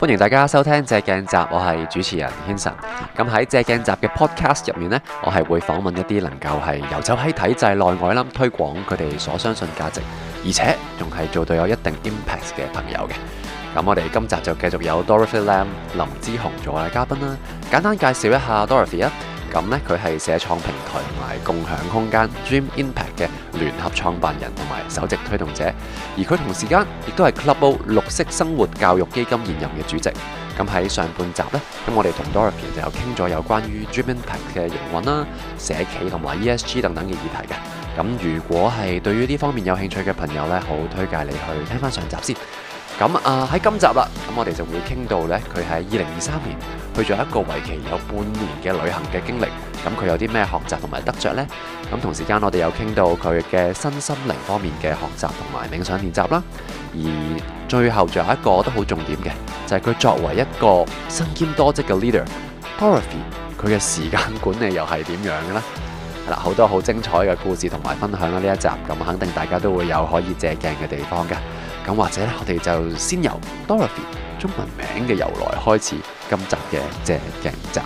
歡迎大家收聽《借鏡集》，我係主持人 Hanson。咁喺《借鏡集》嘅 Podcast 入面呢，我係會訪問一啲能夠係游走喺體制內外啦，推廣佢哋所相信價值，而且仲係做到有一定 impact 嘅朋友嘅。咁我哋今集就繼續有 Dorothy Lam 林之鴻做我嘅嘉賓啦。簡單介紹一下 Dorothy 啊。咁咧，佢係社創平台同埋共享空間 Dream Impact 嘅聯合創辦人同埋首席推動者，而佢同時間亦都係 Club O 綠色生活教育基金現任嘅主席。咁喺上半集咧，咁我哋同 Dorothy 就有傾咗有關於 Dream Impact 嘅營運啦、社企同埋 ESG 等等嘅議題嘅。咁如果係對於呢方面有興趣嘅朋友咧，好，好推介你去聽翻上集先。咁啊，喺今集啦，咁我哋就會傾到呢，佢喺二零二三年去做一個為期有半年嘅旅行嘅經歷。咁佢有啲咩學習同埋得着呢？咁同時間我哋有傾到佢嘅身心靈方面嘅學習同埋冥想練習啦。而最後仲有一個都好重點嘅，就係佢作為一個身兼多職嘅 leader，Dorothy，佢嘅時間管理又係點樣嘅呢？好多好精彩嘅故事同埋分享啦！呢一集咁肯定大家都會有可以借鏡嘅地方嘅。咁或者咧，我哋就先由 Dorothy 中文名嘅由來開始今集嘅即借鏡集。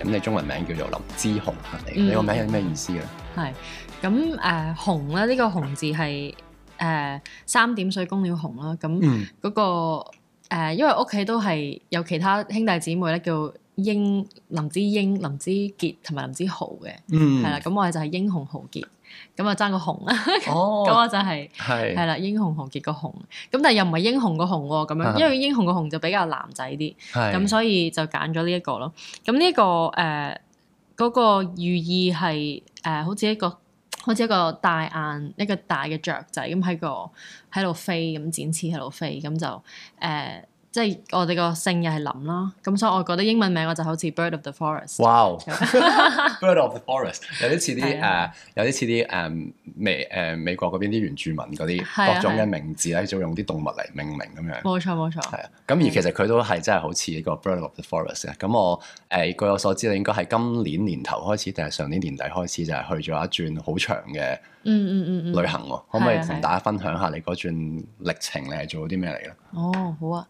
咁你中文名叫做林之鴻，係咪？嗯、你個名有咩意思咧？係咁誒，鴻咧呢個鴻字係誒、呃、三點水公鳥鴻啦。咁嗰、嗯那個誒、呃，因為屋企都係有其他兄弟姊妹咧，叫英、林之英、林之杰、同埋林之豪嘅。嗯，係啦，咁我哋就係英雄豪傑。咁啊爭個紅啊！咁、嗯、 我就係係啦，英雄紅結個紅，咁但係又唔係英雄個紅喎，啊，咁樣，因為英雄個紅就比較男仔啲，咁是所以就揀咗呢一個咯。咁呢、呢個誒嗰、呃嗰個寓意係誒、呃，好似一個好似一個大眼一個大嘅雀仔咁喺個喺度飛咁展翅喺度飛咁就誒。呃即係我哋個姓又係林啦，咁所以我覺得英文名我就好似 Bird of the Forest。哇 Wow, ！Bird of the Forest 有啲似啲誒，啊 uh, 有啲似啲誒美誒、uh, 美國嗰邊啲原住民嗰啲各種嘅名字咧，就、啊啊、用啲動物嚟命名咁樣。冇錯冇錯。係啊，咁而其實佢都係真係好似一個 Bird of the Forest。咁我誒、呃、據我所知咧，應該係今年年頭開始定係上年年底開始就係、是、去咗一轉好長嘅。嗯嗯嗯嗯，嗯嗯嗯旅行喎，的可唔可以同大家分享下你嗰段歷程，你係做咗啲咩嚟咧？哦，好啊，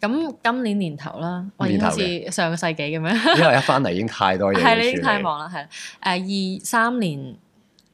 咁今年年頭啦，我已經好似上個世紀咁樣？因為一翻嚟已經太多嘢 對，係你已經太忙啦，係啦。二、uh, 三年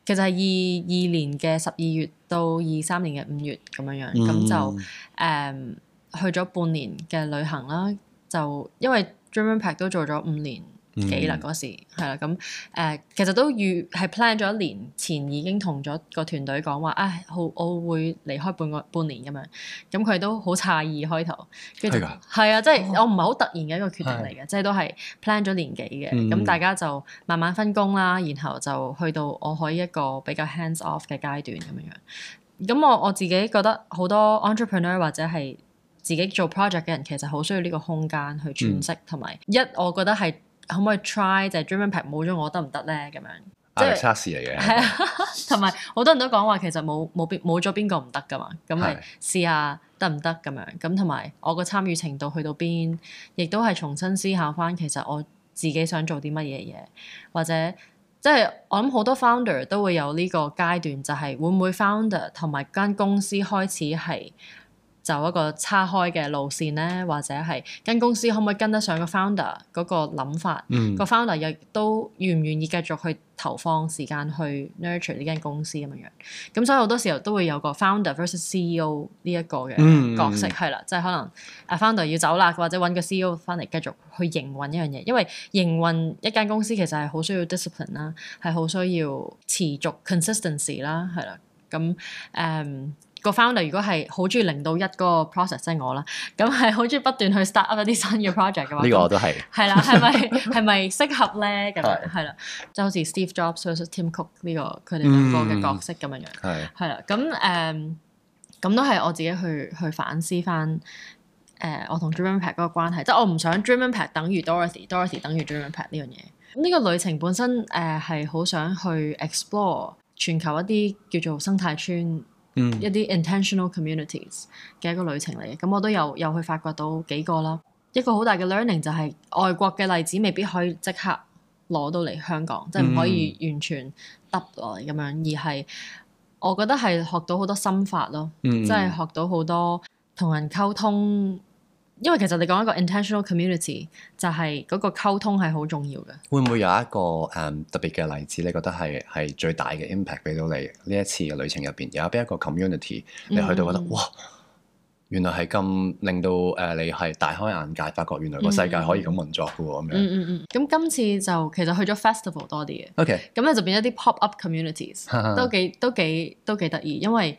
其實係二二年嘅十二月到二三年嘅五月咁樣樣，咁、嗯、就誒、um, 去咗半年嘅旅行啦。就因為 Dream Impact 都做咗五年。幾啦嗰時係啦，咁誒、嗯、其實都預係 plan 咗一年前,前已經同咗個團隊講話，唉、哎，好，我會離開半個半年咁樣，咁佢都好詫異開頭，即係係啊，即係的、就是、我唔係好突然嘅一個決定嚟嘅，即係都係 plan 咗年幾嘅，咁、嗯、大家就慢慢分工啦，然後就去到我可以一個比較 hands off 嘅階段咁樣樣。咁我我自己覺得好多 entrepreneur 或者係自己做 project 嘅人其實好需要呢個空間去詮釋同埋一，我覺得係。可唔可以 try 就係 Dream Impact 冇咗我得唔得咧？咁樣壓力測試嚟嘅，同埋好多人都講話其實冇冇邊冇咗邊個唔得㗎嘛，咁咪試下得唔得咁樣？咁同埋我個參與程度去到邊，亦都係重新思考返其實我自己想做啲乜嘢嘢，或者即係、就是、我諗好多 founder 都會有呢個階段，就係、是、會唔會 founder 同埋間公司開始係。就一個叉開嘅路線咧，或者係間公司可唔可以跟得上個 founder 嗰個諗法，嗯、個 founder 亦都願唔願意繼續去投放時間去 nurture 呢間公司咁樣，咁所以好多時候都會有個 founder versus CEO 呢一個嘅角色，係啦、嗯，即係、就是、可能啊 founder 要走啦，或者揾個 CEO 翻嚟繼續去營運一樣嘢，因為營運一間公司其實係好需要 discipline 啦，係好需要持續 consistency 啦，係啦，咁誒。個 founder 如果係好中意零到一嗰個 process，即係我啦，咁係好中意不斷去 start up 一啲新嘅 project 嘅話，呢個我都係係啦，係咪係咪適合咧？咁樣係啦的，就好似 Steve Jobs 同 Tim Cook 呢、這個佢哋兩個嘅角色咁樣樣係係啦。咁誒、嗯，咁、呃、都係我自己去去反思翻誒、呃、我同 Dream Impact 嗰個關係，即、就、係、是、我唔想 Dream Impact 等於 Dorothy，Dorothy 等於 Dream Impact 呢樣嘢。咁呢個旅程本身誒係好想去 explore 全球一啲叫做生態村。Mm hmm. 一啲 intentional communities 嘅一個旅程嚟嘅，咁我都有有去發掘到幾個啦。一個好大嘅 learning 就係、是、外國嘅例子未必可以即刻攞到嚟香港，即係唔可以完全得來咁樣，而係我覺得係學到好多心法咯，即係、mm hmm. 學到好多同人溝通。因為其實你講一個 intentional community，就係嗰個溝通係好重要嘅。會唔會有一個誒、嗯、特別嘅例子你覺得係係最大嘅 impact 俾到你呢一次嘅旅程入邊，有邊一個 community 你去到覺得、嗯、哇，原來係咁令到誒、呃、你係大開眼界，發覺原來個世界可以咁運作㗎喎咁樣。嗯嗯。咁、嗯、今、嗯、次就其實去咗 festival 多啲嘅。OK。咁咧就變咗啲 pop up communities，都幾都幾都幾得意，因為。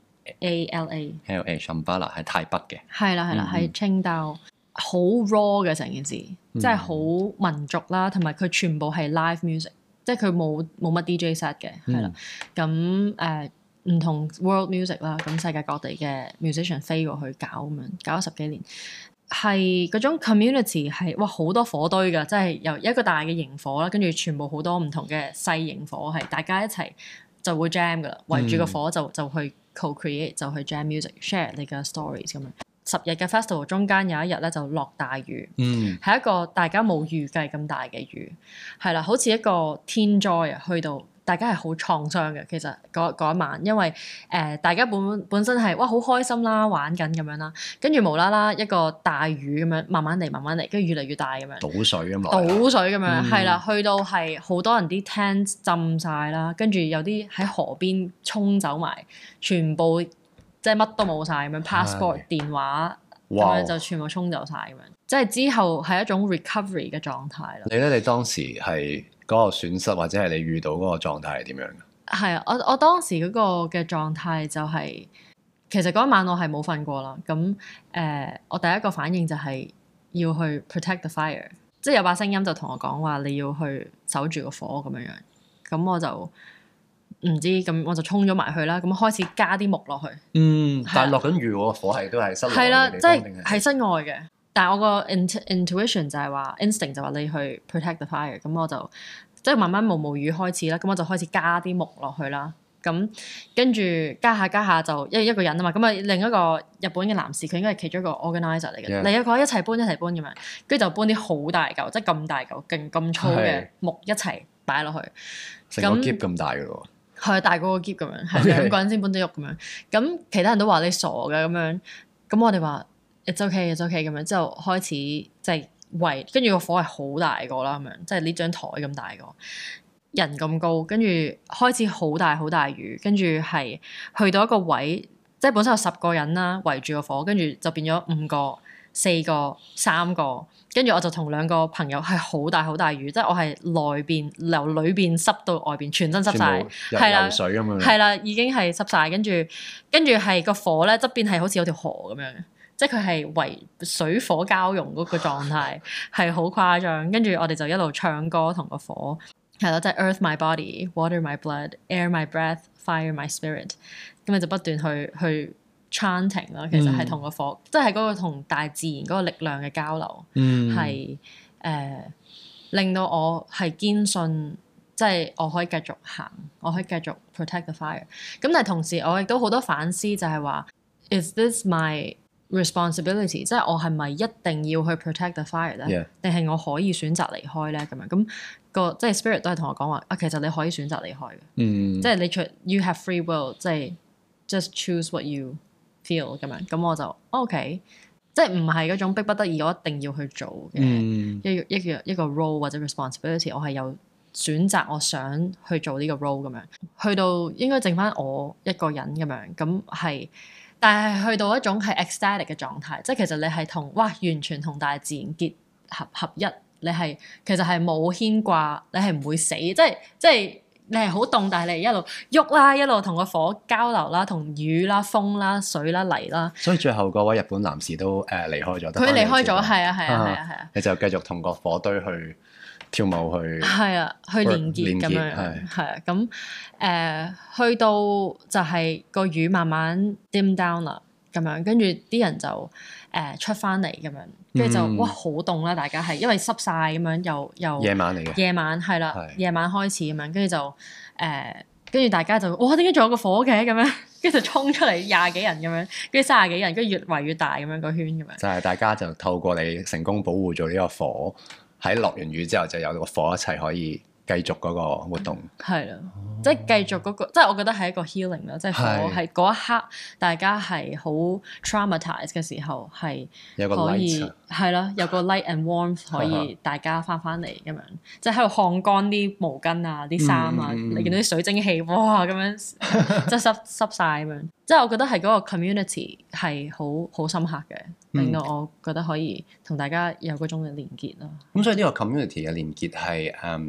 A.L.A. A.L.A. Shambhala 係泰北嘅，係啦，係啦，係清道好 raw 嘅成件事，即係好民族啦。同埋佢全部係 live music，即係佢冇冇乜 DJ set 嘅，係啦、嗯。咁誒唔同 world music 啦，咁世界各地嘅 musician 飛過去搞咁樣，搞咗十幾年係嗰種 community 係哇好多火堆噶，即係由一個大嘅營火啦，跟住全部好多唔同嘅細營火，係大家一齊就會 jam 噶啦，圍住個火就就去。就去 Co-create 就去 Jam Music share 你嘅 stories 咁樣，十日嘅 Festival 中間有一日咧就落大雨，係、嗯、一個大家冇預計咁大嘅雨，係啦，好似一個天災啊，去到。大家係好創傷嘅，其實嗰一晚，因為誒、呃、大家本本身係哇好開心啦，玩緊咁樣啦，跟住無啦啦一個大雨咁樣，慢慢嚟，慢慢嚟，跟住越嚟越大咁樣。倒水啊嘛！倒水咁樣，係、嗯、啦，去到係好多人啲 tent 浸晒啦，跟住有啲喺河邊沖走埋，全部即係乜都冇晒咁樣 passport、電話咁哇樣就全部沖走晒咁樣。即係之後係一種 recovery 嘅狀態啦。你咧，你當時係？嗰個損失或者係你遇到嗰個狀態係點樣嘅？係啊，我我當時嗰個嘅狀態就係、是，其實嗰晚我係冇瞓過啦。咁誒、呃，我第一個反應就係、是、要去 protect the fire，即係有把聲音就同我講話，你要去守住個火咁樣樣。咁我就唔知，咁我就衝咗埋去啦。咁開始加啲木落去。嗯，但係落緊雨喎，啊、火係都係室，係啦、啊，即係係室外嘅。但係我個 intuition 就係話 instinct 就話你去 protect the fire，咁我就即係慢慢毛毛雨開始啦，咁我就開始加啲木落去啦，咁跟住加下加下就一一個人啊嘛，咁啊另一個日本嘅男士佢應該係其中一個 organizer 嚟嘅，Yeah. 另一個一齊搬，搬，搬一齊搬咁樣，跟住就搬啲好大嚿，即係咁大嚿，勁咁粗嘅木一齊擺落去，成個 kip 咁大嘅喎，係大過個 kip 咁樣，係兩個人先搬得喐咁樣，咁其他人都話你傻嘅咁樣，咁我哋話。一周 K，一周 K 咁樣之後開始即係、就是、圍，跟住個火係好大個啦，咁樣即係呢張台咁大個，人咁高，跟住開始好大好大雨，跟住係去到一個位，即係本身有十個人啦圍住個火，跟住就變咗五個、四個、三個，跟住我就同兩個朋友係好大好大雨，即係我係內邊由裏邊濕到外邊，全身濕晒，係啦，水啦了，係啦，已經係濕晒。跟住跟住係個火咧側邊係好似有條河咁樣。即係佢係為水火交融嗰個狀態係好 誇張，跟住我哋就一路唱歌同個火係咯，即係、就是、Earth my body, water my blood, air my breath, fire my spirit。咁咪就不斷去去 chanting 咯。其實係同個火，即係喺嗰個同大自然嗰個力量嘅交流，係誒、嗯 uh, 令到我係堅信，即、就、係、是、我可以繼續行，我可以繼續 protect the fire。咁但係同時我亦都好多反思就，就係話 Is this my responsibility 即係我係咪一定要去 protect the fire 咧？定係 Yeah. 我可以選擇離開咧？咁樣咁個即係 spirit 都係同我講話啊，其實你可以選擇離開嘅。嗯、mm.，即係你出，you have free will，即係 just choose what you feel 咁樣。咁我就 OK，即係唔係嗰種逼不得已我一定要去做嘅、mm. 一一個一個 role 或者 responsibility，我係有選擇我想去做呢個 role 咁樣。去到應該剩翻我一個人咁樣，咁係。但係去到一種係 ecstatic 嘅狀態，即係其實你係同哇完全同大自然結合合一，你係其實係冇牽掛，你係唔會死，即係即係你係好凍，但係你一路喐啦，一路同個火交流啦，同雨啦、風啦、水啦、泥啦，所以最後嗰位日本男士都誒、呃、離開咗，佢離開咗，係啊係啊係啊係啊，你就繼續同個火堆去。跳舞去，係啊，去連結咁樣係啊，咁、呃、誒去到就係個雨慢慢 dim down 啦，咁樣跟住啲人就誒、呃、出翻嚟咁樣，跟住就、嗯、哇好凍啦！大家係因為濕晒咁樣，又又夜晚嚟嘅，夜晚係啦，啊、是夜晚開始咁樣，跟住就誒，跟住大家就哇，點解仲有個火嘅？咁樣，跟住就衝出嚟廿幾人咁樣，跟住三十幾人，跟住越圍越大咁樣、嗰個圈咁樣，就係大家就透過你成功保護咗呢個火。喺落完雨之後，就有個火一齊可以。繼續嗰個活動係啦，即係繼續嗰、嗰個，即係我覺得係一個 healing 咯。即係我係嗰一刻，大家係好 traumatized 嘅時候，係有個 light 係咯，有個 light and warmth 可以大家翻翻嚟咁樣，即係喺度烘乾啲毛巾啊、啲衫啊，嗯、你見到啲水蒸氣哇咁樣，即係濕 濕曬咁樣。即係我覺得係嗰個 community 係好好深刻嘅，令到我覺得可以同大家有嗰種嘅連結啦。咁、嗯、所以呢個 community 嘅連結係誒。Um,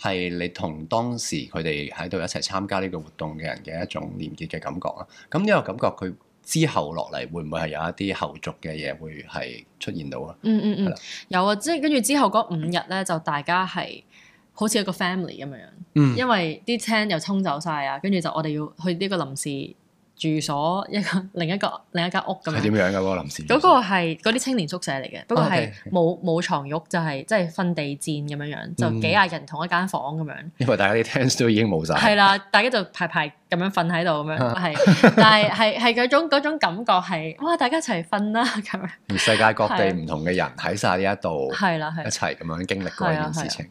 係你同當時佢哋喺度一齊參加呢個活動嘅人嘅一種連結嘅感覺啦。咁呢個感覺佢之後落嚟會唔會係有一啲後續嘅嘢會係出現到咧？嗯嗯嗯，的有啊，即係跟住之後嗰五日咧，就大家係好似一個 family 咁樣樣。嗯，因為啲青又沖走晒啊，跟住就我哋要去呢個臨時住所一個另一個另一間屋咁樣係點樣噶喎？林 Sir 嗰個係嗰啲青年宿舍嚟嘅，不過係冇冇牀褥，就係即係瞓地墊咁樣樣，就幾廿人同一間房咁樣。因為大家啲 tent 都已經冇晒。係啦，大家就排排咁樣瞓喺度咁樣，係，但係係係嗰種感覺係，哇！大家一齊瞓啦咁。而世界各地唔同嘅人喺晒呢一度，係啦，一齊咁樣經歷過呢件事情。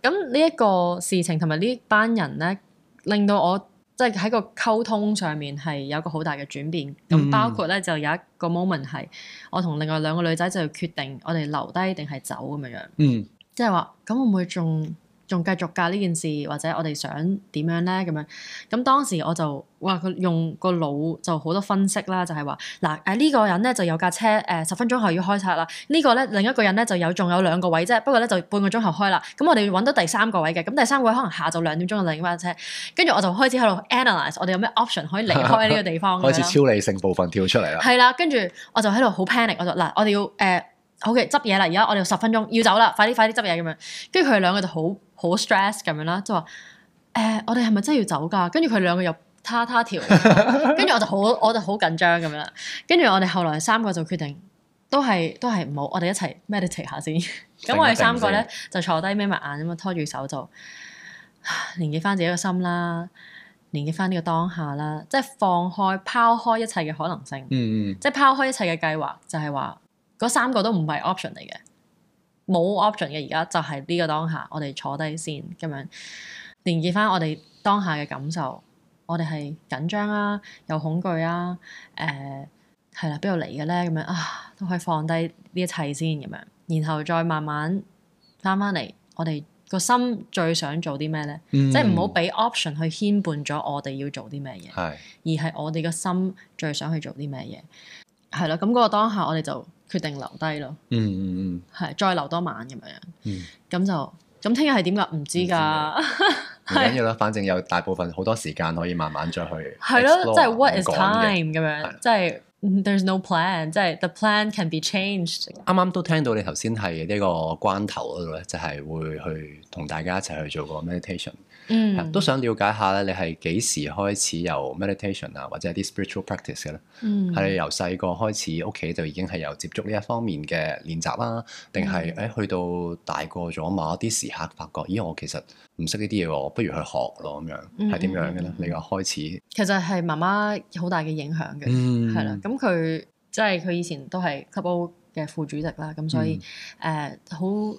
咁呢一個事情同埋呢班人咧，令到我。即係喺個溝通上面係有一個好大嘅轉變，咁、嗯、包括咧就有一個 moment 係我同另外兩個女仔就決定我哋留低定係走咁樣樣，即係話咁會唔會仲？仲繼續㗎呢件事，或者我哋想點樣咧？咁樣，咁當時我就話佢用個腦就好多分析啦，就係話嗱誒呢個人咧就有架車誒、呃、十分鐘後要開車啦。這個、呢個咧另一個人咧就有仲有兩個位啫，不過咧就半個鐘後開啦。咁、嗯、我哋要揾到第三個位嘅，咁、嗯、第三個位可能下晝兩點鐘就另一班車。跟住我就開始喺度 analyse，我哋有咩 option 可以離開呢個地方。 開始超理性部分跳出嚟啦。係啦，跟住我就喺度好 panic，我就嗱我哋要誒好嘅執嘢啦，而、呃、家、OK，我哋十分鐘要走啦，快啲快啲執嘢咁樣。跟住佢哋兩個就好。好 stress 咁樣啦，就話誒，我哋係咪真係要走㗎？跟住佢兩個又他他條，跟住 我就好，我就好緊張咁樣啦。跟住我哋後來三個就決定，都係都係唔好，我哋一齊 meditate 下先。咁、啊、 我哋三個咧、啊啊、就坐低眯埋眼咁啊，拖住手就連結翻自己個心啦，連結翻呢個當下啦，即係放開、拋開一切嘅可能性。嗯嗯。即係拋開一切嘅計劃，就係話嗰三個都唔係 option 嚟嘅。冇 option 嘅，而家就係呢個當下，我哋坐低先咁樣連結翻我哋當下嘅感受，我哋係緊張啊，又恐懼啊，誒係啦，邊度嚟嘅咧？咁樣啊，都可以放低呢一切先咁樣，然後再慢慢返返嚟，我哋個心最想做啲咩咧？嗯、即係唔好俾 option 去牽絆咗我哋要做啲咩嘢，的而係我哋個心最想去做啲咩嘢。係啦，咁嗰個當下，我哋就決定留低咯。嗯嗯嗯，係再留多晚咁樣樣。嗯，咁就咁聽日係點噶？唔知噶，唔緊要啦。反正有大部分好多時間可以慢慢再去 explore。係咯，即係 What is time 咁樣？的即係 There's no plan，即係的、no、The plan can be changed。啱啱都聽到你頭先係呢個關頭嗰度咧，就係、是、會去同大家一齊去做個 meditation。嗯，都想了解下咧，你係幾時開始有 meditation 啊，或者一啲 spiritual practice 嘅咧？嗯，係你由細個開始，屋企就已經係有接觸呢一方面嘅練習啦、啊，定係誒去到大個咗某一啲時刻，發覺咦，我其實唔識呢啲嘢喎，我不如去學咯咁樣，係點樣嘅咧？你話開始其實係媽媽好大嘅影響嘅，係啦、嗯，咁佢即係佢以前都係 Club O 嘅副主席啦，咁所以誒好。嗯嗯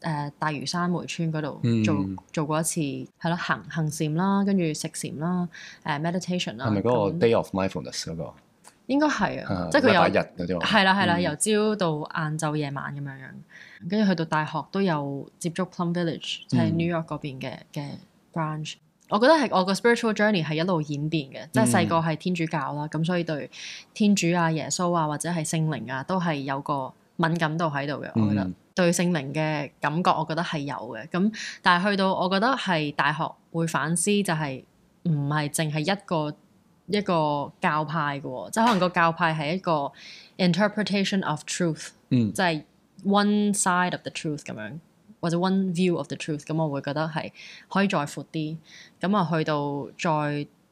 誒、uh, 大嶼山梅村嗰度做、嗯、做過一次係咯，行行禪啦，跟住食禪啦，誒、uh, meditation 啦那，係咪嗰個 day of mindfulness 嗰、嗰個？應該係啊，啊即係佢有日係啦係啦，嗯、由朝到晏晝夜晚咁樣樣，跟住去到大學都有接觸 plum village New 喺紐約嗰邊嘅嘅 branch。嗯、br 我覺得係我個 spiritual journey 係一路演變嘅，即係細個係天主教啦，咁所以對天主啊、耶穌啊或者係聖靈啊都係有個敏感度喺度嘅，我覺得。對聖靈嘅感覺，我覺得係有嘅。咁但係去到，我覺得係大學會反思，就係唔係淨係一個一個教派嘅，即係可能個教派係一個 interpretation of truth，嗯，即係 one side of the truth 咁樣、嗯，或者 one view of the truth。咁我會覺得係可以再闊啲。咁啊，去到再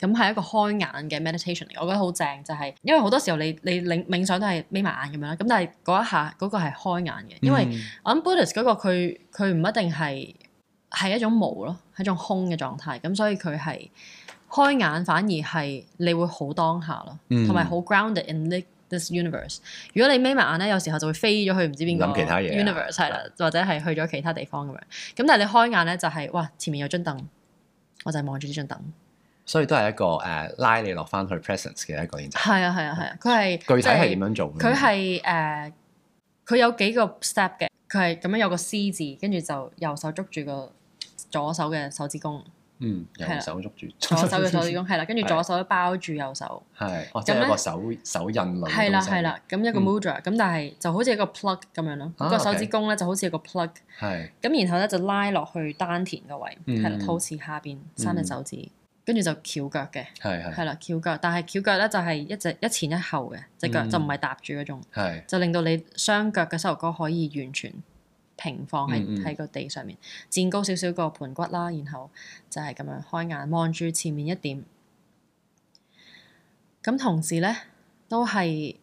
咁係一個開眼嘅 meditation 嚟，我覺得好正就係、是，因為好多時候你你冥想都係眯埋眼咁樣啦。咁但係嗰一下嗰、那個係開眼嘅，因為我諗 Buddhist 嗰個佢佢唔一定係係一種無咯，係一種空嘅狀態。咁所以佢係開眼反而係你會好當下咯，同埋好、嗯、grounded in this universe。如果你眯埋眼咧，有時候就會飛咗去唔知邊個 universe 係啦、啊，或者係去咗其他地方咁樣。咁但係你開眼咧就係、是、哇，前面有張凳，我就係望住呢張凳。所以都係一個誒拉你落翻去 presence 嘅一個練習。係啊，係啊，係啊。佢係具體係點樣做？佢係誒佢有幾個 step 嘅。佢係咁樣有個 C 字，跟住就右手捉住個左手嘅手指公。嗯，右手捉住左手嘅手指公，係啦。跟住左手包住右手。係。哦，即係一個手手印類。係啦，係啦。咁一個 mudra，咁但係就好似一個 plug 咁樣咯。個手指公咧就好似一個 plug。係。咁然後咧就拉落去丹田個位，係啦，肚臍下邊三隻手指。跟住就翹腳嘅，係係的，啦的，翹腳，但係翹腳咧就係一隻一前一後嘅隻，嗯、腳，就唔係搭住嗰種，的就令到你雙腳嘅膝頭哥可以完全平放喺喺個地上面，墊高少少個盤骨啦，然後就係咁樣開眼望住前面一點，咁同時咧都係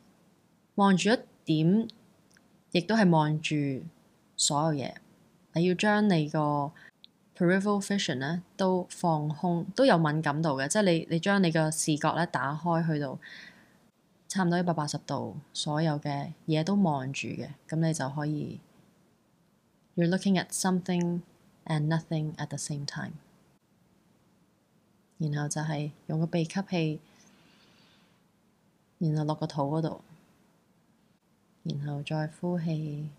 望住一點，亦都係望住所有嘢，你要將你個。Peripheral vision 咧都放空，都有敏感度嘅，即係你你將你嘅視覺咧打開去到差唔多一百八十度，所有嘅嘢都望住嘅，咁你就可以。You're looking at something and nothing at the same time。然後就係用個鼻吸氣，然後落個肚嗰度，然後再呼氣，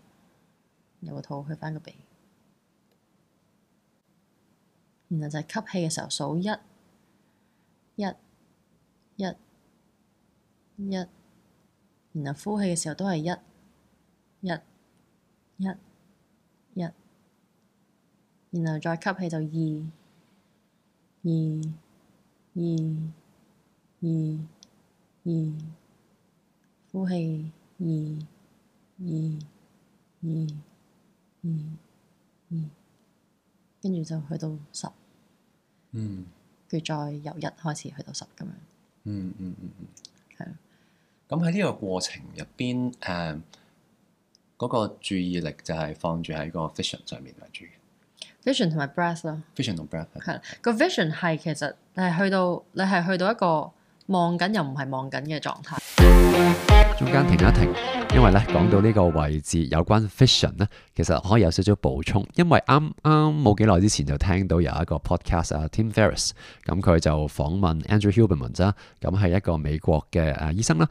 由個肚去翻個鼻。然後就係吸氣嘅時候數一，一，一，一，一，然後呼氣嘅時候都係一，一，一，一，然後再吸氣就二，二，二，二，二，二，呼氣二，二，二，二，二，跟住就去到十。嗯，跟住再由一開始去到十咁樣，嗯。嗯嗯嗯嗯，係咁喺呢個過程入邊，誒，嗰個注意力就係放住喺個 vision 上面為主。vision 同埋 breath 咯，vision 同 breath 係，個 vision 係其實你係去到，你係去到一個望緊又唔係望緊嘅狀態。 中間停一停，因為咧講到呢個位置有關 fission 咧，其實可以有少少補充。因為啱啱冇幾耐之前就聽到有一個 podcast 啊，Tim Ferriss，咁佢就訪問 Andrew Huberman 啫，咁係一個美國嘅誒醫生啦。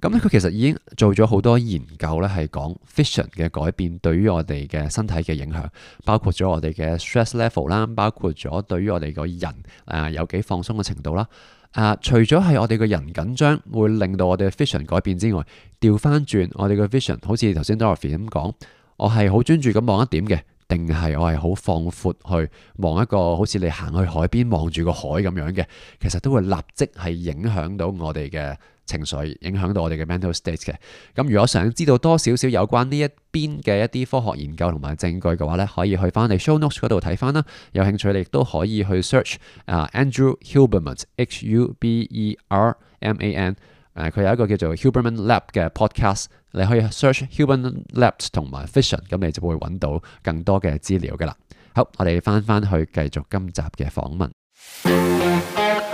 咁咧佢其實已經做咗好多研究咧，係講 fission 嘅改變對於我哋嘅身體嘅影響，包括咗我哋嘅 stress level 啦，包括咗對於我哋個人誒有幾放鬆嘅程度啦。啊！除咗係我哋個人緊張會令到我哋嘅 vision 改變之外，調翻轉我哋嘅 vision，好似頭先 Dorothy 咁講，我係好專注咁望一點嘅，定係我係好放闊去望一個好似你行去海邊望住個海咁樣嘅，其實都會立即係影響到我哋嘅。情緒影響到我哋嘅 mental state 嘅。咁如果想知道多少少有關呢一邊嘅一啲科學研究同埋證據嘅話呢，可以去翻你 show notes 嗰度睇翻啦。有興趣你亦都可以去 search、e、啊 Andrew Huberman，H-U-B-E-R-M-A-N。佢有一個叫做 Huberman Lab 嘅 podcast，你可以 search Huberman Lab 同埋 fission，咁你就會揾到更多嘅資料噶啦。好，我哋翻翻去繼續今集嘅訪問。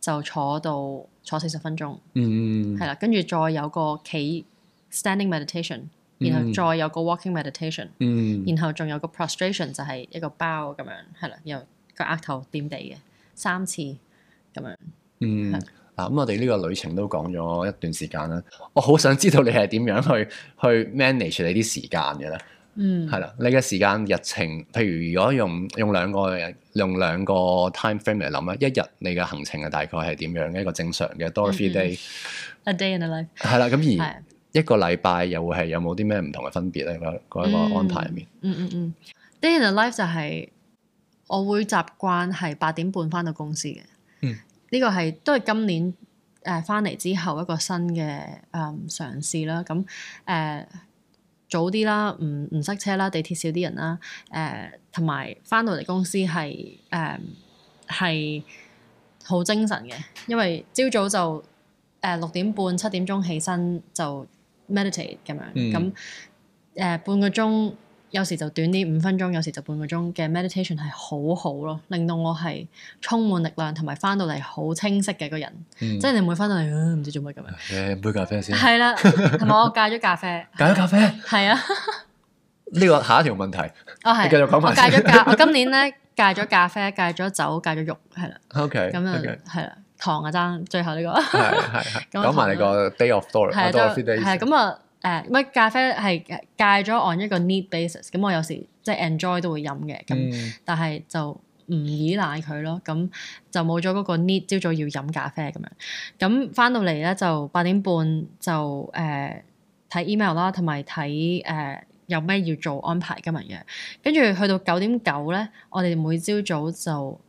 就坐到坐四十分鐘，係啦、嗯，跟住再有個企 standing meditation，、嗯、然後再有個 walking meditation，、嗯、然後仲有個 prostration 就係一個包咁樣，係啦，然後個額頭點地嘅三次咁樣。嗱咁、嗯的啊、我哋呢個旅程都講咗一段時間啦，我好想知道你係點樣去去 manage 你啲時間嘅咧？嗯，係啦，你嘅時間日程，譬如如果用用兩個用兩個 time frame 嚟諗咧，一日你嘅行程啊大概係點樣？一個正常嘅 daily day，a day in a life，係啦，咁而一個禮拜又會係有冇啲咩唔同嘅分別咧？嗰一個安排入面，嗯嗯嗯，day in a life 就係我會習慣係八點半翻到公司嘅，嗯，呢個係都係今年誒翻嚟之後一個新嘅誒嘗試啦，咁誒。早啲啦，唔唔塞車啦，地鐵少啲人啦，誒同埋翻到嚟公司係誒係好精神嘅，因為朝早就誒六點半七點鐘起身就 meditate 咁樣，咁誒、嗯呃、半個鐘。有時就短啲五分鐘，有時就半個鐘嘅 meditation 係好好咯，令到我係充滿力量，同埋翻到嚟好清晰嘅個人，即係你唔會翻到嚟唔知做乜咁樣。飲杯咖啡先。係啦，同埋我戒咗咖啡。戒咗咖啡。係啊。呢個下一條問題。啊係，繼續講返。我戒咗咖，我今年咧戒咗咖啡，戒咗酒，戒咗肉，係啦。OK。咁啊，係啦，糖啊爭，最後呢個。係係。講埋你個 day of Dorothy 係咁啊。誒，咪、uh, 咖啡係戒咗按 n 一個 need basis，咁我有時即係 enjoy 都會飲嘅，咁、mm. 但係就唔依賴佢咯，咁就冇咗嗰個 need 朝早要飲咖啡咁樣，咁返到嚟咧就八點半就誒睇、呃、email 啦，同埋睇誒有咩、呃、要做安排今日樣，跟住去到九點九咧，我哋每朝早就。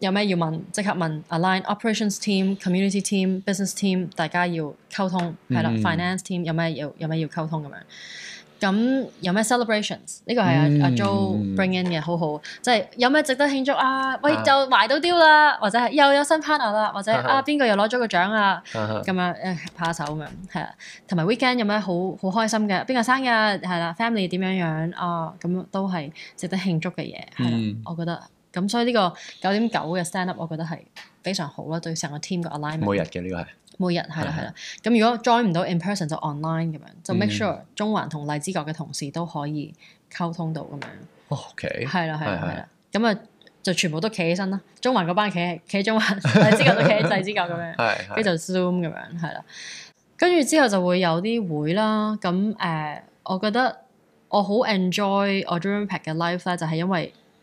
有咩要問？即刻問。Align operations team、community team、business team，大家要溝通，係啦、嗯。Finance team 有咩要有咩要溝通咁樣。咁有咩 celebrations？呢個係阿阿 Jo bring in 嘅，好好。即係有咩值得慶祝啊？喂，就埋到丟啦，或者係又有新 partner 啦，或者啊邊個又攞咗個獎啊？咁樣拍下手咁樣，係啦。同埋 weekend 有咩好好開心嘅？邊個生日係啦？family 點樣樣啊？咁都係值得慶祝嘅嘢，係啦、嗯，我覺得。咁所以呢個九點九嘅 stand up 我覺得係非常好啦，對成個 team 嘅 alignment。每日嘅呢個係。每日係啦係啦，咁的的如果 join 唔到 in person 就 online 咁樣，就 make sure 中環同荔枝角嘅同事都可以溝通到咁樣。OK、嗯。係啦係啦係啦，咁啊的的就全部都企起身啦，中環嗰班企喺企喺中環，荔枝角都企喺荔枝角咁樣，跟住 就 Zoom 咁樣係啦，跟住的的之後就會有啲會啦。咁誒，我覺得我好 enjoy 我 Dream Impact 嘅 life 咧，就係、是、因為。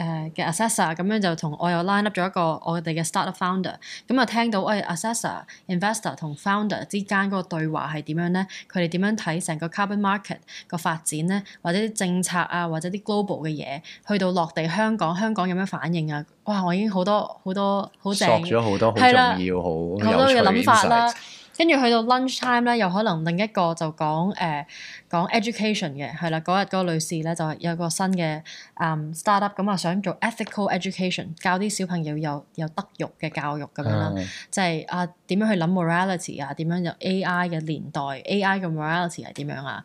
誒嘅、uh, assessor 咁樣就同我又 line up 咗一個我哋嘅 startup founder，咁啊聽到喂、哎、assessor investor 同 founder 之間嗰個對話係點樣咧？佢哋點樣睇成個 carbon market 個發展咧？或者啲政策啊，或者啲 global 嘅嘢去到落地香港，香港有咩反應啊？哇！我已經好多好多好正，縮咗好多好重要好了有趣嘅諗法啦～跟住去到 lunch time 咧，又可能另一個就講誒講 education 嘅，係、呃、啦，嗰日嗰個女士咧就有個新嘅嗯 startup，咁、嗯、啊想做 ethical education，教啲小朋友有有德育嘅教育咁樣啦，就係啊點樣去諗 morality 啊？點樣有 AI 嘅年代，AI 嘅 morality 係點樣啊？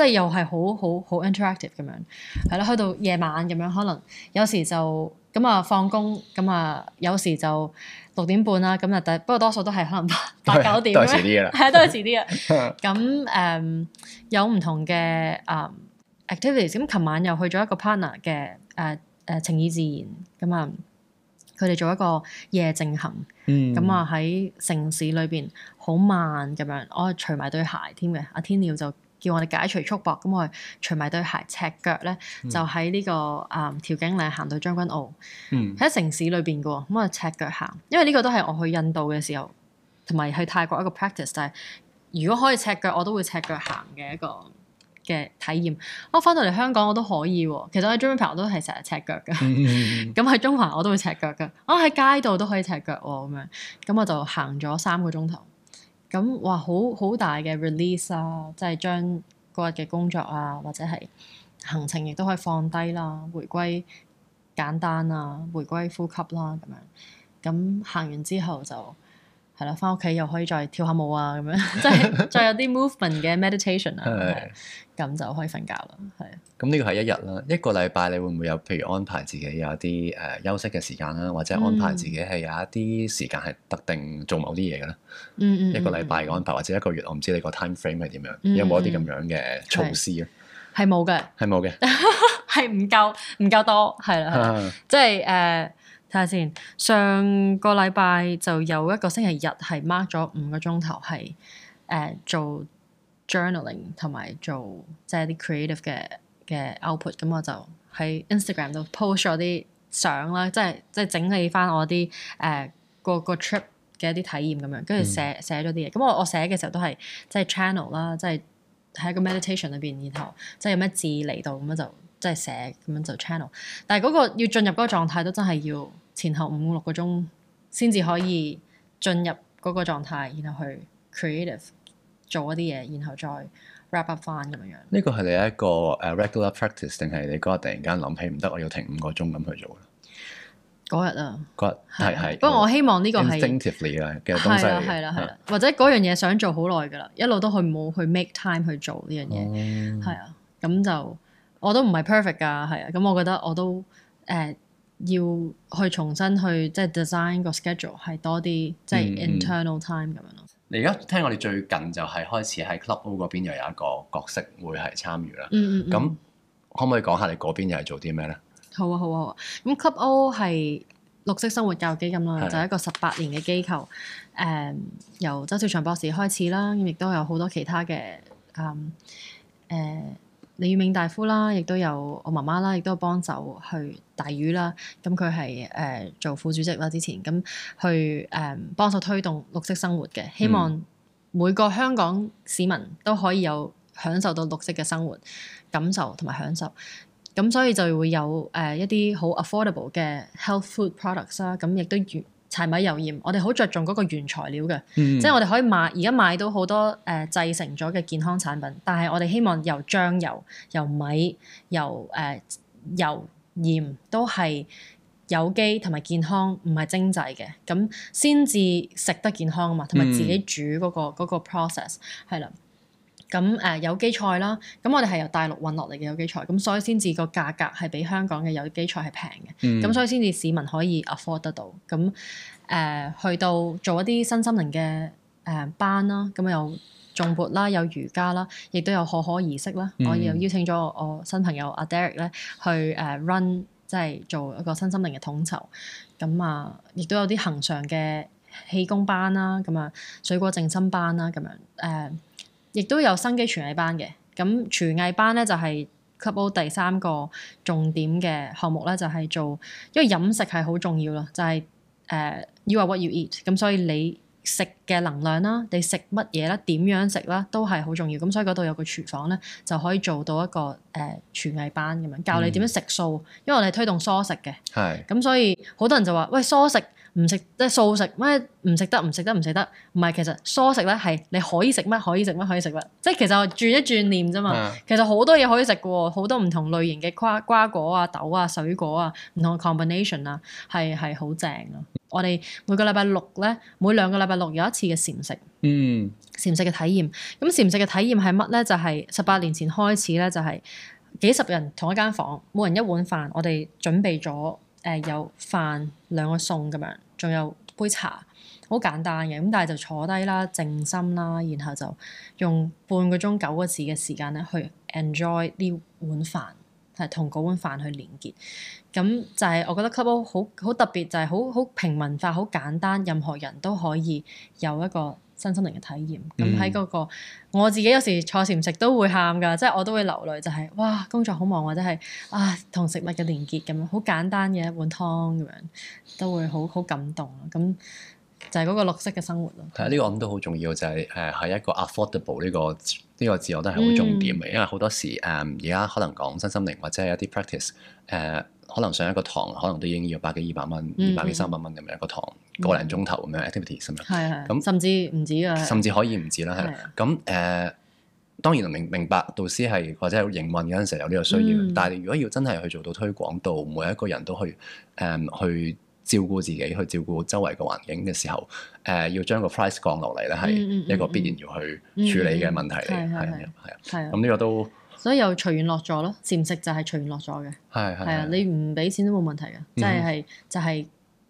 即係又係好好好 interactive 咁樣，係啦，去到夜晚咁樣，可能有時就咁啊放工，咁啊有時就六點半啦，咁啊但不過多數都係可能八八九點、 嗯，都係遲啲啦，係都係遲啲啊。咁誒有唔同嘅誒 activities，咁琴晚又去咗一個 partner 嘅誒誒、呃呃、情意自然咁啊，佢哋做一個夜靜行，嗯，咁啊喺城市裏邊好慢咁樣，我除埋對鞋添嘅，阿 Tina 就。叫我哋解除束縛，咁我係除埋對鞋，赤腳咧、嗯、就喺呢、呢個啊、嗯、調景嶺行到將軍澳，喺、嗯、城市裏邊嘅，咁我赤腳行，因為呢個都係我去印度嘅時候，同埋去泰國一個 practice，但係如果可以赤腳，我都會赤腳行嘅一個嘅體驗。我、啊、翻到嚟香港我都可以，其實我喺中環我都係成日赤腳嘅，咁喺、嗯、 中環我都會赤腳嘅，我、啊、喺街度都可以赤腳咁樣，咁我就行咗三個鐘頭。咁話好好大嘅 release 啊，即係將嗰日嘅工作啊，或者係行程亦都可以放低啦，回歸簡單啊，回歸呼吸啦，咁樣咁行完之後就。係啦，翻屋企又可以再跳下舞啊，咁樣即係再有啲 movement 嘅 meditation 啊， 咁就可以瞓覺啦。係咁，呢個係一日啦，一個禮拜你會唔會有，譬如安排自己有一啲誒休息嘅時間啦，或者安排自己係有一啲時間係特定做某啲嘢嘅咧。嗯嗯，一個禮拜嘅安排，或者一個月，我唔知你個 time frame 係點樣，有冇一啲咁樣嘅措施啊？係冇嘅，係冇嘅，係唔夠唔夠多，係啦係啦， 即係誒。Uh, 睇下先，上個禮拜就有一個星期日係 mark 咗五個鐘頭係誒做 journaling 同埋做即係啲 creative 嘅嘅 output，咁我就喺 Instagram 度 post 咗啲相啦，即係即係整理返我啲誒、呃、個個 trip 嘅一啲體驗咁樣，跟住寫寫咗啲嘢。咁、嗯、我我寫嘅時候都係即係 channel 啦，即係喺個 meditation 裏邊，然後即係有咩字嚟到咁樣就。即係寫咁樣就 channel，但係、那、嗰個要進入嗰個狀態都真係要前後五六個鐘先至可以進入嗰個狀態，然後去 creative 做一啲嘢，然後再 wrap up 翻咁樣。呢個係你一個誒、uh, regular practice 定係你嗰日突然間諗起唔得，我要停五個鐘咁去做？嗰日啊，嗰日係係。啊啊、不過我希望呢個係 i 係啦係啦。或者嗰樣嘢想做好耐㗎啦，一路都去冇去 make time 去做呢樣嘢，係、嗯、啊，咁就。我都唔係 perfect 㗎，係啊，咁、嗯嗯嗯、我覺得我都誒、呃、要去重新去即係 design 個 schedule 係多啲，即係 internal time 咁樣咯。你而家聽我哋最近就係開始喺 Club O 嗰邊又有一個角色會係參與啦。咁、嗯嗯嗯、可唔可以講下你嗰邊又係做啲咩咧？好啊好啊，好啊。咁、啊、Club O 係綠色生活教育基金啦，的就係一個十八年嘅機構，誒、嗯、由周兆祥博，博士開始啦，亦都有好多其他嘅誒。嗯嗯嗯嗯嗯李宇銘大夫啦，亦都有我媽媽啦，亦都有幫手去大於啦。咁佢係誒做副主席啦，之前咁去誒、呃、幫手推動綠色生活嘅，希望每個香港市民都可以有享受到綠色嘅生活感受同埋享受。咁所以就會有誒、呃、一啲好 affordable 嘅 health food products 啦、啊。咁亦都越柴米油鹽，我哋好着重嗰個原材料嘅，嗯、即係我哋可以買而家買到好多誒、呃、製成咗嘅健康產品，但係我哋希望由醬油、由米、由誒、呃、油鹽都係有機同埋健康，唔係精製嘅，咁先至食得健康啊嘛，同埋自己煮嗰、嗰個嗯、個 process 係啦。咁誒、啊，有機菜啦，咁我哋係由大陸運落嚟嘅有機菜，咁、嗯嗯、所以先至個價格係比香港嘅有機菜係平嘅，咁所以先至市民可以 afford 得到。咁、嗯、誒、呃，去到做一啲身心靈嘅誒、呃、班啦，咁、嗯、啊有頌缽啦，有瑜伽啦，亦、啊、都有可可儀式啦。嗯、我又邀請咗我新朋友阿 Derek 咧、啊、去誒 run，即係做一個身心靈嘅統籌。咁啊，亦都有啲恒常嘅氣功班啦，咁啊水果靜心班啦，咁樣誒。啊啊亦都有生機廚藝班嘅，咁廚藝班咧就係 clubhouse 第三個重點嘅項目咧，就係做因為飲食係好重要咯，就係、是、誒、uh, you are what you eat，咁所以你食嘅能量啦，你食乜嘢啦，點樣食啦，都係好重要，咁所以嗰度有個廚房咧，就可以做到一個誒、uh，廚藝班咁樣，教你點樣食素，嗯、因為我哋推動蔬食嘅，咁是所以好多人就話喂蔬食。唔食即素食咩？唔食得，唔食得，唔食得。唔係，其實蔬食咧係你可以食乜，可以食乜，可以食乜。即係其實我轉一轉念啫嘛。其實好多嘢可以食喎，好多唔同類型嘅瓜瓜果啊、豆啊、水果啊，唔同 combination 啊，係係好正啊！我哋每個禮拜六咧，每兩個禮拜六有一次嘅禪食。嗯。禪食嘅體驗，咁禪食嘅體驗係乜咧？就係十八年前開始咧，就係幾十人同一間房，每人一碗飯，我哋準備咗。誒有飯兩個餸咁樣，仲有杯茶，好簡單嘅咁，但係就坐低啦，靜心啦，然後就用半個鐘九個字嘅時間咧，去 enjoy 啲碗飯，係同嗰碗飯去連結。咁就係我覺得 Club O 好好特別，就係好好平民化，好簡單，任何人都可以有一個。身心靈嘅體驗，咁喺嗰個我自己有時坐餸食都會喊㗎，即係我都會流淚，就係、是、哇工作好忙或者係啊同食物嘅連結咁樣，好簡單嘅一碗湯咁樣都會好好感動啊！咁就係嗰個綠色嘅生活咯。係呢個我諗都好重要，就係誒係一個 affordable 呢、這個呢、這個字，我覺得係好重點嘅，嗯、因為好多時誒而家可能講身心靈或者係一啲 practice 誒、呃，可能上一個堂可能都已經要百幾二百蚊、二百幾三百蚊咁樣一個堂。嗯個零鐘頭咁樣 activity，甚至唔止啊，甚至可以唔止啦。咁誒，當然明明白導師係或者係營運嗰陣時有呢個需要，但係如果要真係去做到推廣到每一個人都去誒去照顧自己，去照顧周圍嘅環境嘅時候，誒要將個 price 降落嚟咧，係一個必然要去處理嘅問題嚟，係係啊，咁呢個都所以又隨緣落咗咯，膳食就係隨緣落咗嘅，係係啊，你唔俾錢都冇問題嘅，即係係就係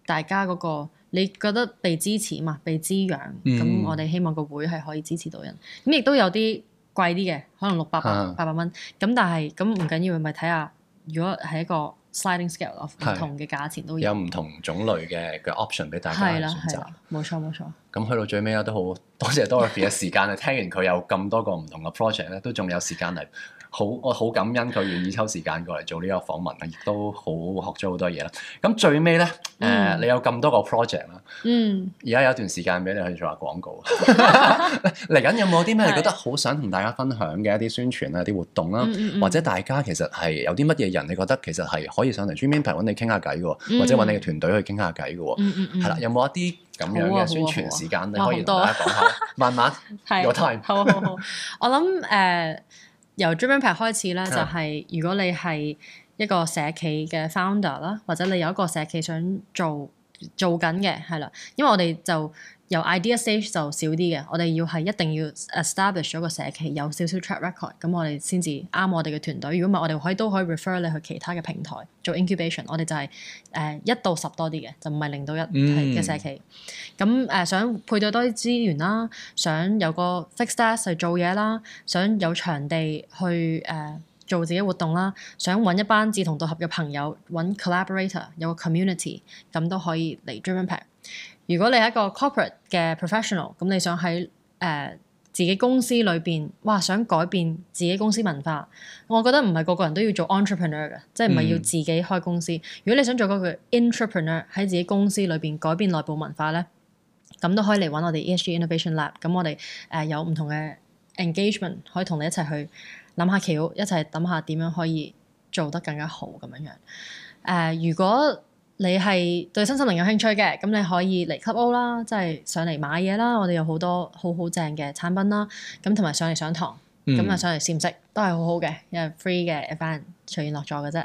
大家嗰個。你覺得被支持嘛，被滋養咁，嗯、我哋希望個會係可以支持到人。咁亦都有啲貴啲嘅，可能六百蚊八百蚊。咁、啊、但係咁唔緊要，咪睇下如果係一個 sliding scale of 唔同嘅價錢都。有唔同種類嘅嘅 option 俾大家選擇。係啦係啦，冇錯冇錯。咁去到最尾啦，都好多謝 Dorothy 嘅時間啊！ 聽完佢有咁多個唔同嘅 project 咧，都仲有時間嚟。好，我好感恩佢願意抽時間過嚟做呢個訪問啊，亦都好學咗好多嘢啦。咁最尾咧，誒，你有咁多個 project 啦，嗯，而家有一段時間俾你去做下廣告，嚟緊有冇啲咩？你覺得好想同大家分享嘅一啲宣傳啊，啲活動啦，或者大家其實係有啲乜嘢人？你覺得其實係可以上嚟專門揾你傾下偈嘅，或者揾你嘅團隊去傾下偈嘅，嗯係啦，有冇一啲咁樣嘅宣傳時間？你可以同大家講下，慢慢有 t 好好好，我諗誒。由 Dream Impact 開始咧，嗯、就係，如果你係一個社企嘅 founder 啦，或者你有一個社企想做做緊嘅，係啦，因為我哋就。.由 idea stage 就少啲嘅，我哋要係一定要 establish 咗個社企，有少少 track record，咁我哋先至啱我哋嘅團隊，如果唔係我哋可以都可以 refer 你去其他嘅平台做 incubation、就是。我哋就係誒一到十多啲嘅，就唔係零到一嘅社企，咁誒、嗯呃、想配對多啲資源啦，想有個 fixed desk 嚟做嘢啦，想有場地去誒、呃、做自己活動啦，想揾一班志同道合嘅朋友揾 collaborator，有個 community，咁都可以嚟 Dream Impact。如果你係一個 corporate 嘅 professional，咁你想喺誒、呃、自己公司裏邊，哇，想改變自己公司文化，我覺得唔係個個人都要做 entrepreneur 嘅，即係唔係要自己開公司。嗯、如果你想做嗰個 entrepreneur 喺自己公司裏邊改變內部文化咧，咁都可以嚟揾我哋 ESG Innovation Lab。咁我哋誒有唔同嘅 engagement 可以同你一齊去諗下橋，一齊諗下點樣可以做得更加好咁樣樣。誒、呃，如果你係對身心靈有興趣嘅，咁你可以嚟 Club O 啦，即係上嚟買嘢啦，我哋有好多好好正嘅產品啦，咁同埋上嚟上堂，咁啊上嚟試唔識，都係好好嘅，因為 free 嘅 event 隨便落座嘅啫。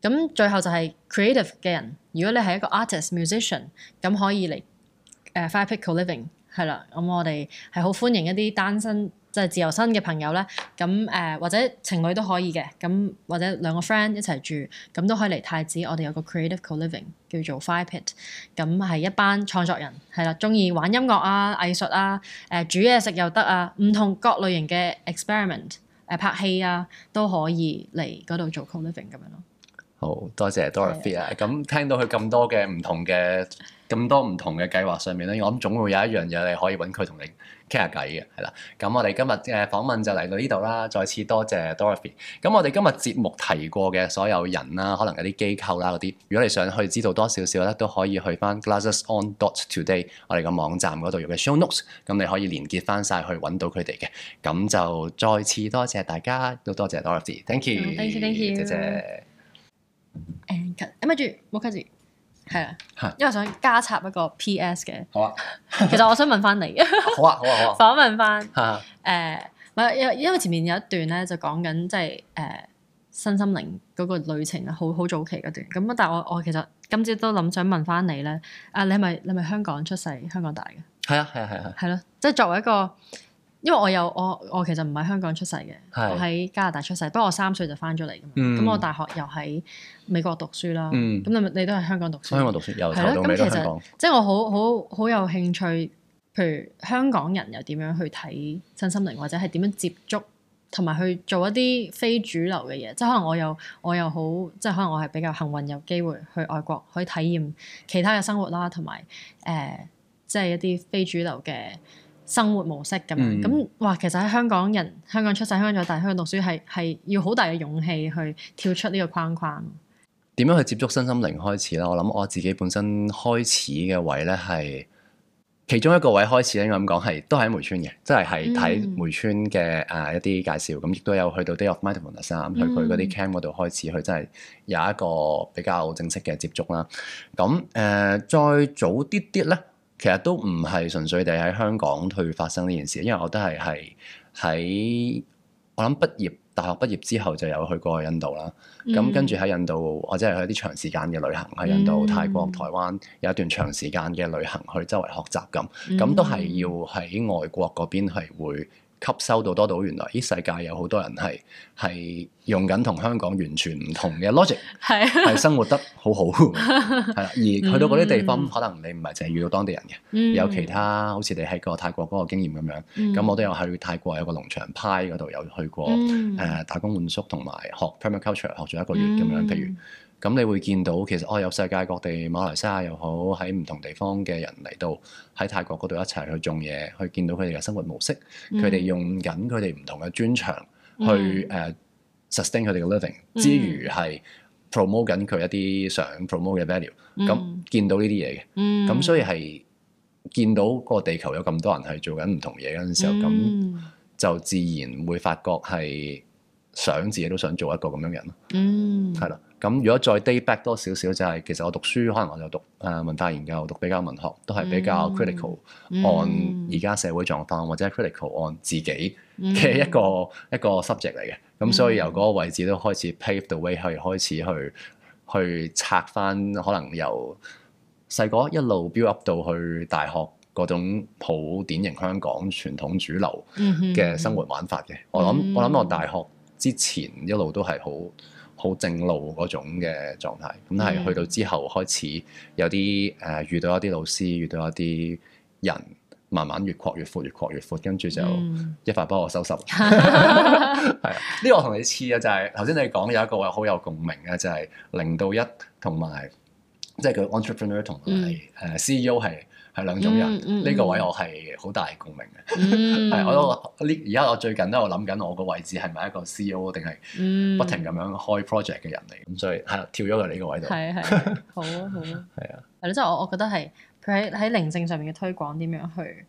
咁最後就係 creative 嘅人，如果你係一個 artist、musician，咁可以嚟誒 Firepit Co-living 係啦，咁我哋係好歡迎一啲單身。就係自由身嘅朋友咧，咁誒或者情侶都可以嘅，咁或者兩個 friend 一齊住，咁都可以嚟太子。我哋有個 creative co-living 叫做 Firepit，咁係一班創作人，係啦，中意玩音樂啊、藝術啊、誒煮嘢食又得啊，唔同各類型嘅 experiment 誒拍戲啊都可以嚟嗰度做 co-living 咁樣咯。好多謝 Dorothy 啊！咁聽到佢咁多嘅唔同嘅咁多唔同嘅計劃上面咧，我諗總會有一樣嘢你可以揾佢同你傾下偈嘅，係啦。咁我哋今日嘅訪問就嚟到呢度啦。再次多謝 Dorothy。咁我哋今日節目提過嘅所有人啦，可能有啲機構啦嗰啲，如果你想去知道多少少咧，都可以去翻 Glasses On Dot Today 我哋嘅網站嗰度有嘅 show notes。咁你可以連結翻晒去揾到佢哋嘅。咁就再次多謝大家，都多謝 Dorothy。Thank you。Thank you, thank you. 謝謝。Cut。唔好 cut 住。係啦，啊、因為想加插一個 P.S. 嘅。好啊， 其實我想問翻你。好啊，好啊，好啊。訪問翻。誒、啊，唔係、呃，因因為前面有一段咧，就講緊即係誒身心靈嗰個旅程啊，好好早期嗰段。咁但係我我其實今朝都諗想，想問翻你咧。啊，你係咪你係咪香港出世、香港大嘅？係啊，係啊，係啊，係咯、啊。即係、啊啊啊就是、作為一個。因為我有我我其實唔喺香港出世嘅，是我喺加拿大出世，不過我三歲就翻咗嚟，咁我大學又喺美國讀書啦。咁你、嗯、你都喺香港讀書？讀書香港讀書，又係咯，咁其實。即係我好好好有興趣，譬如香港人又點樣去睇身心靈，或者係點樣接觸，同埋去做一啲非主流嘅嘢。即係可能我有我又好，即係可能我係比較幸運，有機會去外國可以體驗其他嘅生活啦，同埋誒，即係一啲非主流嘅。生活模式咁咁、嗯、哇，其實喺香港人，香港出世，香港長大，香港讀書係，係要好大嘅勇氣去跳出呢個框框，點樣去接觸身心靈開始咧？我諗我自己本身開始嘅位咧，係其中一個位開始咧，我咁講係都喺梅村嘅，即係係睇梅村嘅誒一啲介紹，咁亦都有去到 Day of Mindfulness 三、嗯， 去佢嗰啲 camp 嗰度開始，去真係有一個比較正式嘅接觸啦。咁誒、呃、再早啲啲咧。其實都唔係純粹地喺香港去發生呢件事，因為我都係係喺我諗畢業大學畢業之後就有去過印度啦。咁、嗯、跟住喺印度，我即係去啲長時間嘅旅行，喺印度、嗯、泰國、台灣有一段長時間嘅旅行，去周圍學習咁，咁都係要喺外國嗰邊係會。吸收到多到原來，呢世界有好多人係係用緊同香港完全唔同嘅 logic，係生活得好好，係 而去到嗰啲地方， 可能你唔係淨係遇到當地人嘅， 嗯、有其他好似你喺個泰國嗰個經驗咁樣，咁、嗯、我都有去泰國有個農場派嗰度有去過，誒、嗯呃、打工換宿同埋學 permaculture 學咗一個月咁樣，譬如。咁你會見到其實哦，有世界各地馬來西亞又好，喺唔同地方嘅人嚟到喺泰國嗰度一齊去種嘢，去見到佢哋嘅生活模式，佢哋、嗯、用緊佢哋唔同嘅專長去誒、嗯呃、sustain 佢哋嘅 living，之餘係 promote 緊佢一啲想 promote 嘅 value，咁、嗯、見到呢啲嘢嘅，咁、嗯、所以係見到個地球有咁多人係做緊唔同嘢嗰陣時候，咁、嗯、就自然會發覺係想自己都想做一個咁樣人咯，嗯，係啦、嗯。嗯咁、嗯嗯嗯、如果再 date back 多少少，就係其實我讀書可能我就讀誒文化研究，讀比較文學都係比較 critical on 而家、嗯嗯、社會狀況或者 critical on 自己嘅一個、嗯、一個 subject 嚟嘅。咁所以由嗰個位置都開始 pave the way 去開始去去拆翻，可能由細個一路 build up 到去大學嗰種好典型香港傳統主流嘅生活玩法嘅、嗯嗯。我諗我諗我大學之前一路都係好。好正路嗰種嘅狀態，咁係去到之後開始有啲誒、呃、遇到一啲老師遇到一啲人，慢慢越擴越闊越擴越闊，跟住就一發不可收拾。係 啊，呢、這個我同你似啊，就係頭先你講有一個位好有共鳴嘅，就係、是、零到一同埋，即、就、係、是、佢 entrepreneur 同埋誒、嗯 uh, CEO 係。係兩種人，呢個位我係好大共鳴嘅。係，我呢而家我最近都我諗緊我個位置係咪一個 CEO 定係不停咁樣開 project 嘅人嚟？咁所以係跳咗嚟呢個位度。係係，好好係啊。係咯，即係我我覺得係佢喺喺靈性上面嘅推廣點樣去？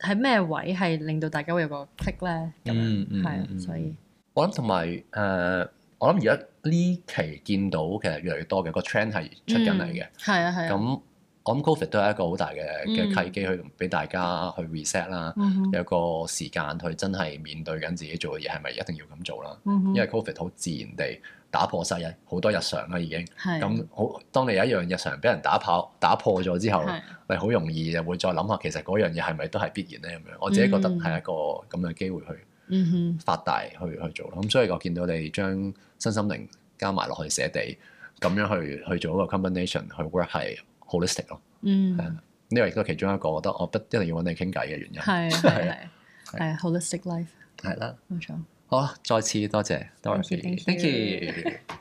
喺咩位係令到大家會有個 pick 咧？咁樣係啊，所以我諗同埋誒，我諗而家呢期見到其實越嚟越多嘅個 trend 係出緊嚟嘅。係啊係啊。咁我諗 Covid 都係一個好大嘅嘅契機，去俾大家去 reset 啦、嗯哼，有個時間去真係面對緊自己做嘅嘢係咪一定要咁做啦？嗯、哼因為 Covid 好自然地打破曬人好多日常啦，已經咁好。是當你有一樣日常俾人打跑打破咗之後，是你好容易就會再諗下，其實嗰樣嘢係咪都係必然咧？咁樣我自己覺得係一個咁嘅機會去發大去去做啦。咁所以我見到你將身心靈加埋落去寫地咁樣去去做一個 combination 去 work 係。Holistic 咯，嗯，呢個亦都其中一個，我覺得我不一定要揾你傾偈嘅原因，係係係 holistic life，係啦，冇錯，好，再次多謝，多謝 Dorothy，thank you，thank you. Thank you.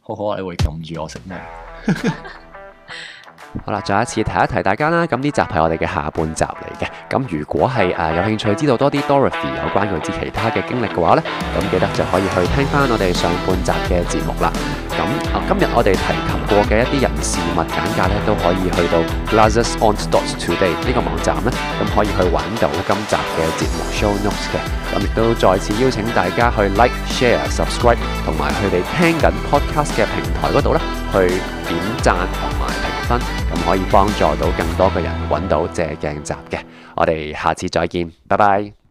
好好，你會撳住我食咩？ 好啦，再一次提一提大家啦，咁呢集係我哋嘅下半集嚟嘅。咁如果係誒、啊、有興趣知道多啲 Dorothy 有關佢啲其他嘅經歷嘅話呢，咁記得就可以去聽翻我哋上半集嘅節目啦。咁、啊、今日我哋提及過嘅一啲人事物簡介呢，都可以去到 Glasses On Dot Today 呢個網站呢，咁可以去揾到今集嘅節目 show notes 嘅。咁亦都再次邀請大家去 like、share、subscribe 同埋佢哋聽緊 podcast 嘅平台嗰度呢，去點讚同埋評分，咁可以幫助到更多嘅人揾到借鏡集嘅。我哋下次再見，拜拜。